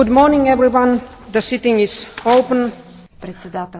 Good morning, everyone. The sitting is open. Председател